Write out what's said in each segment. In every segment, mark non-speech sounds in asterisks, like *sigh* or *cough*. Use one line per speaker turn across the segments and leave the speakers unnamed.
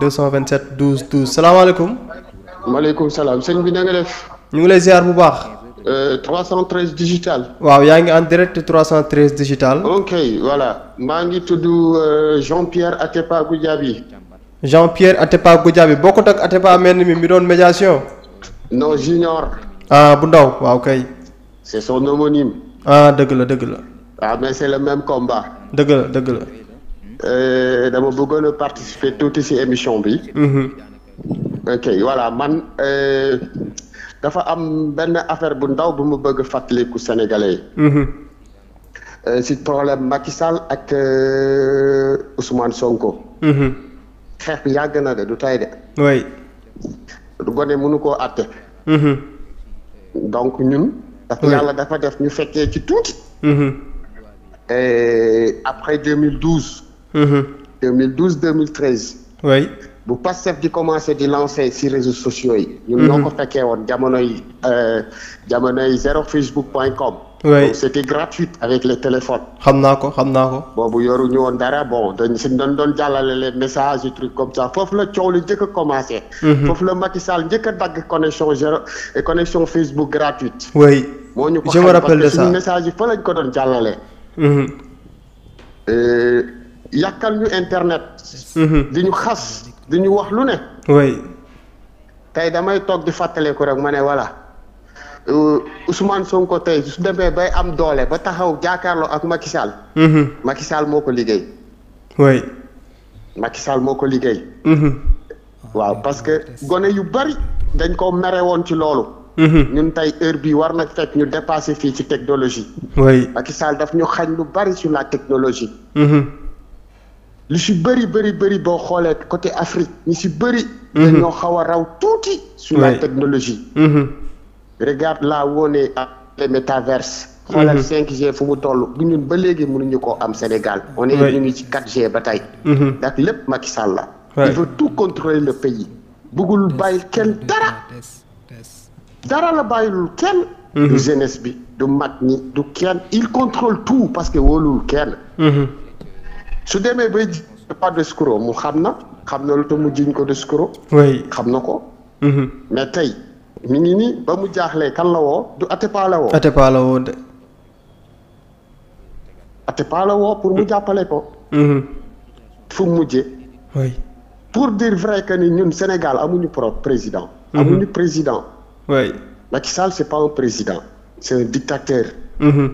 227 12 12 salaamaaleykum.
maaleykum salaam sëñ bi na def. ñu ngi lay ziar bu baax. 313 euh, digital.
waaw yaa ngi en direct 313 digital.
ok voilà maa ngi tudd euh, Jean Pierre Atepa Goudiaby.
Jean Pierre Atepa Goudiaby bokkut ak Atepa mel ni mi mi doon médiation.
non junior.
Ah, bu ndaw waaw kay.
c'est son homonyme.
Ah, dëgg la dëgg la.
ah mais c'est le même combat.
dëgg la dëgg la.
Euh, dama bëggoon participer tuuti ci émission bi. Mhm. ok voilà man euh, dafa am benn affaire bu ndaw bu ma bëgg a fàttaliku sénégalais yi. Mhm. Euh, ci problème Macky ak Ousmane Sonko. Mhm. xeex yàgg na de du tay de. oui. du gone mënu koo àtte. donc ñun. dafa yàlla dafa def ñu fekkee ci tuuti. après 2012 2013. oui. bu Pastef di commencé di lancé si réseaux sociaux yi. ñun ñoo mhm. ko fekkee woon jamonoy euh, jamonoy zero facebook point com. oui donc c' était gratuit avec les téléphones. xam naa ko xam naa ko. boobu yoru woon dara bon dañ si doon doon jàllale les message et trucs comme foofu la coow li jëkk a commencé. Mhm. foofu la Macky saal njëkk a dagg connexion zéro connexion Facebook gratuite. oui moo ñu ko xam parce que suñu message yi fa lañ ko doon jàllale. Mhm. Euh, yàkkal ñu internet. Mhm. di ñu xas di ñu wax lu ne. oui. tey damay toog di ku rek ma ne voilà euh, Ousmane ko tey su demee bay am doole ba taxaw jaakaarloo ak Macky Sall. Mhm. Macky Sall moo ko liggéey. oui. Macky Sall moo ko liggéey. Mhm. waaw parce que gone yu bari dañ ko mere woon ci loolu. ñun tey heure bi war na fekk ñu dépassé fii ci technologie. oui Macky Sall ñu xañ lu bari sur la technologie. lu si bëri bëri bëri boo xoolee côté Afrique ñu si bëri. Mhm. dañoo xaw a raw tuuti. sur la technologie. Mhm. regarde là woo ne les métaverse. xoolal 5G mhm. fu mu toll bu ñun ba léegi mënuñu koo am Sénégal. on est ñu ngi ci 4G ba tey. ndax lépp Macky Sall la. il veut tout contrôler le pays. bëggul bàyyi kenn dara. dara la bàyyilul kenn. du jeunesse bi du mag ñi du kenn il contrôle tout parce que wóolul kenn. su demee bay pas de mu xam na xam na lu tax mu jiñ ko de escroc. xam na ko. Mm-hmm. mais tey mi ngi nii ba mu jaaxlee kan la woo du Atépa la woo. Atépa de. Atépa la pour mu jàppale ko. Mm-hmm. fu mu mujjee. pour dire vrai que ni ñun Sénégal amuñu propre président. Mm-hmm. amuñu président. oui Macky Sall c'est pas un président c'est un dictateur. mm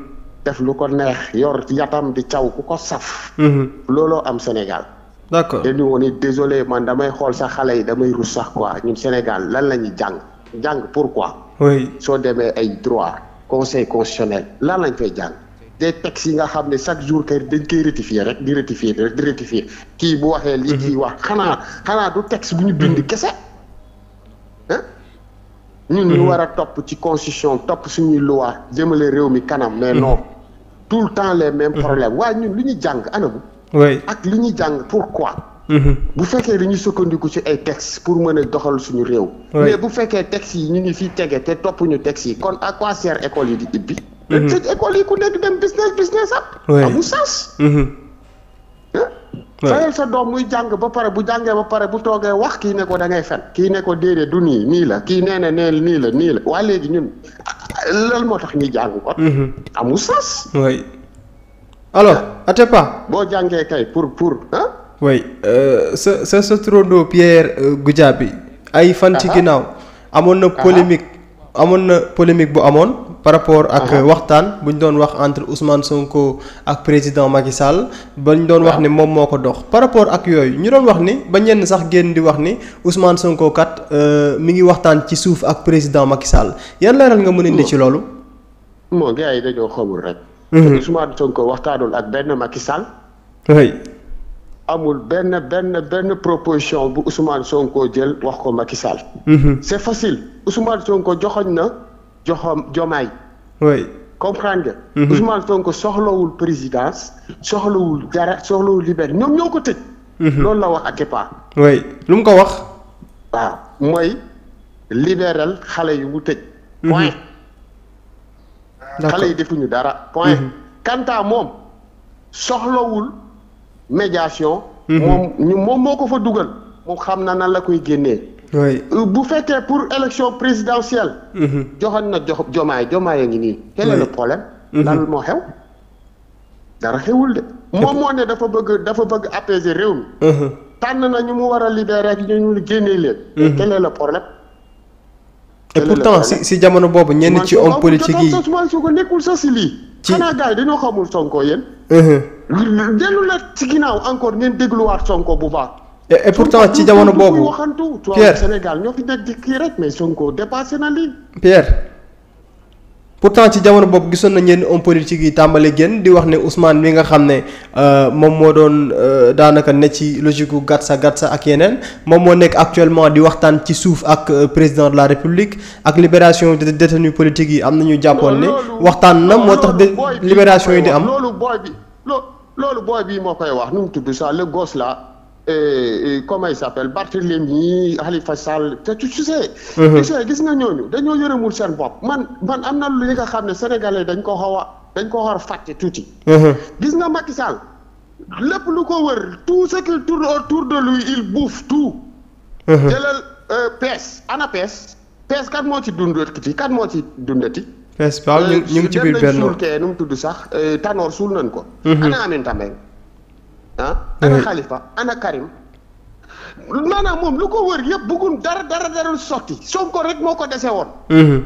def lu ko neex yor yatam di caw ku ko saf. Mhm. looloo am Sénégal. d'accord te ni woon désolé man damay xool sax xale yi damay rus sax quoi ñun Sénégal lan la ñuy jàng jàng pourquoi. oui soo demee ay droit conseil constitutionnel lan lañ fay jàng. des textes yi nga xam ne chaque jour kay dañ koy rectifier rek di rectifier rek kii bu waxee. lii kii wax xanaa xanaa du texte bu ñu bind mhm. kese. ñun ñu mhm. war a topp ci constitution topp suñuy loi jëmale réew mi kanam mais mhm. noonu tout le temps les mêmes mhm. problème waaye ñun lu ñu jàng anamu ak li ñuy jàng quoi bu fekkee dañuy sukkandiku ci ay textes pour mën a doxal suñu réew mais bu fekkee textes yi ñu ngi fiy tege te topp ñu textes yi kon à quoi sert école yi di ibbi tëj école yi ku nekk dem business business ab amul sens fayal sa doom muy jàng ba pare bu jàngee ba pare bu toogee wax kii ne ko da ngay fen kii ne ko déedéet du nii nii la kii nee na neel nii la nii la waa léegi ñun lan moo tax ñu jàng kon mhm. amul sens oui alors Atépa boo jàngee kay pour pour ah
sa sa sa turandoo Pierre euh, bi ay fan ci ginnaaw amoon na polémique amoon na polémique bu amoon par rapport ak waxtaan bu ñu doon wax entre Ousmane Sonko ak président Macky Sall ba ñu doon wax ni moom moo ko dox par rapport ak yooyu ñu doon wax ni ba ñenn sax génn di wax ni Ousmane Sonko kat euh, mi ngi waxtaan ci suuf ak président Macky Sall yan rek
nga mën indi ci loolu. moo gars yi dañoo xamul rek. Mhm. Ousmane Sonko waxtaanul ak benn Macky Sall. amul benn benn benn proposition bu Ousmane Sonko jël wax ko Macky Sall. Mhm. c'est facile Ousmane Sonko joxoñ na. joxoom jomaay oui comprendre nga. Mhm. Ousmane Sonko soxlawul présidence soxlawul dara soxlawul liberté ñoom ñoo ko tëj. Mhm. loolu la wax ak Atépa. oui lu mu ko wax. waaw mooy liberal xale yu mu tëj. Mhm. point. xale yi defuñu dara. point kanta moom soxlawul médiation. moom ñu moom moo ko fa dugal. moom xam na nan la koy génnee. oui euh, bu fekkee pour élection présidentielle. Mhm. joxoon na jox jomaay jomaay a ngi nii. quel est le lan moo xew dara xewul de. moom moo ne dafa bëgg dafa bëgg apaiser réew mi. Mhm. tànn na ñu mu war a libérer ak ñu ñu génnee leen. Mhm. quel est le problème.
et pourtant si si jamono boobu ñenn ci homme politique yi
man su ko nekkul sa si lii. ci xanaa gars yi dañoo xamul sonko yéen. dellu la ci ginnaaw encore ngeen dégluwaat sonko bu baax. et pourtant ci jamono boobu waxantu Pierre Sénégal ñoo fi rek mais Sonko dépassé na lii. Pierre
pourtant ci jamono boobu gisoon na ñenn homme politique yi tàmbali génn di wax ne Ousmane bi nga xam ne euh, moom moo doon euh, daanaka ne ci logique gu gàtt sa ak yeneen moom moo nekk actuellement di waxtaan ci suuf ak euh, président de la république ak libération de détenus politiques yi am na ñu jàppoon ne. waxtaan na moo tax de libération yi di am. loolu
booy bi loolu bi moo koy wax nu mu tudd ça le gosse et, et comment il s'appelle Barthélémy Khalifa Sall te tu sais. Uh-huh. tu gis nga ñooñu dañoo yërëmul seen bopp man man am na lu nga xam ne sénégalais dañ ko xaw a dañ ko xaw a fàtte tuuti. Uh-huh. gis nga Macky Sall lépp lu ko wër tout ce qui tourne tour de lui il bouffe tout. Uh-huh. jëlal euh, pees ana pees pees kat moo ci dundati kat moo ci dundati.
pees ñu ngi ci euh, biir benn dem
kee nu mu tudd sax euh, tanoor suul nañ ko. ana Aminata ah. Eh. ana Khalifa ana Karim. maanaam moom lu ko wër yëpp bëggun dara dara dara sotti Sonko rek moo ko dese woon. Mm-hmm.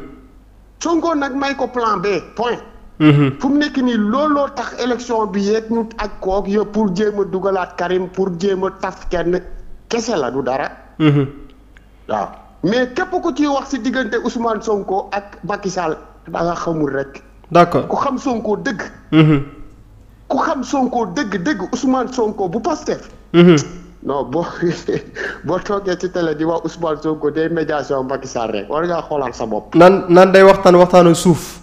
Sonko nag may ko plan B point. Mm-hmm. fu mu nekk nii looloo tax élection bi yeeg ak kook yëpp pour jéem a dugalaat Karim pour jéem a taf kenn kese la du dara. Mm-hmm. waaw mais képp ku ci wax si diggante Ousmane Sonko ak Macky Sall da nga xamul rek. d'accord ku xam sonkoo dëgg. ku xam Sonko dëgg dëgg Ousmane Sonko bu Pastef mhm. non boo *laughs* boo toogee ci télé di wax Ousmane Sonko day médiation Macky Sall rek war ngaa xoolal sa bopp.
naan nan day waxtaan waxtaan ak suuf.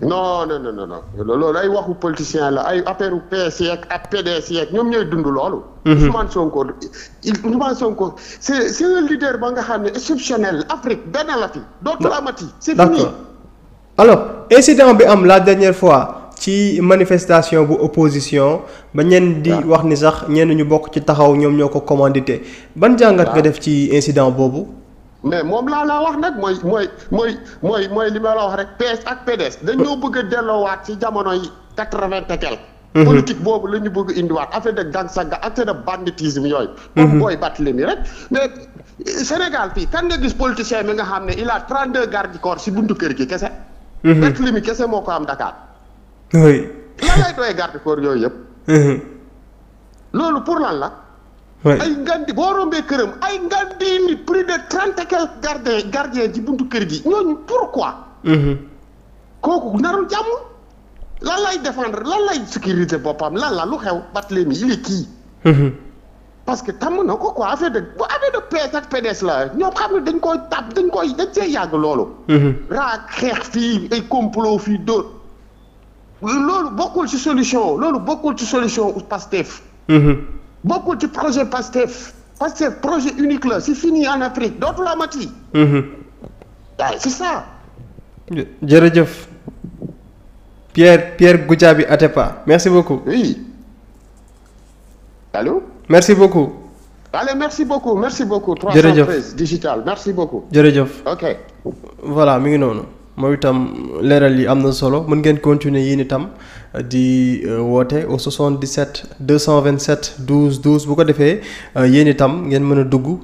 no non non no loolu ay waxu politicien la ay affaire PS yeeg ak PDS yeeg ñoom ñooy dund loolu. Mhm. Ousmane Sonko Ousmane Sonko c'est c'est un leader ba nga xam ne exceptionnel Afrique benn la fi dootul amati. c'est fini.
alors incident bi am la dernière fois. ci manifestation bu opposition ba ñenn di wax ni sax ñenn ñu bokk ci taxaw ñoom ñoo ko commandité ban jàngat nga def ci incident boobu
mais moom laa laa wax nag mooy mooy mooy mooy mooy li ma la wax rek PS ak PDS dañoo bëgg a delloowaat ci jamono yi quatre-vingt mhm. boobu la ñu bëgg indiwaat affaire de gang sanga affaire de banditisme yooyu moom mhm. booy battali ni rek mais eh, Sénégal fii kan nga gis politicien bi nga xam ne il a trente-deux gardes du si buntu kër gi kese mhm. rek mi kese moo ko am Dakar oui. lan lay doyee yooyu yëpp. Mhm. loolu pour lan la. ay ngandi boo këram ay ngandi nit plus de trente et quelques gardiens gardiens ci buntu kër gi ñooñu pourquoi. Mhm. kooku narul jàmm. lan lay défendre lan lay sécurité boppam lan la lu xew Barthélémy il est mhm. parce que tàmm na ko quoi affaire de bu affaire de PS ak PDS la ñoom xam ne dañ koy tàpp dañ koy dañ see yàgg loolu. raa xeex fii ay complot fii dóor. loolu bokkul ci solution loolu bokkul ci solution PASTEF. Mhm. bokkul ci projet PASTEF. PASTEF projet unique la c'est fini en Afrique dootul la mhm. waaw c'est ça.
jërëjëf Pierre Pierre Goudiaby Atepa merci beaucoup. oui allô. merci beaucoup.
allez merci beaucoup merci beaucoup. jërëjëf 313 digital beaucoup. jërëjëf ok.
voilà mi ngi noonu. moo itam leeral yi am na solo mën ngeen continuer yéen itam di euh, woote au
77 227 12 12 bu ko defee euh, yéen itam ngeen mën a dugg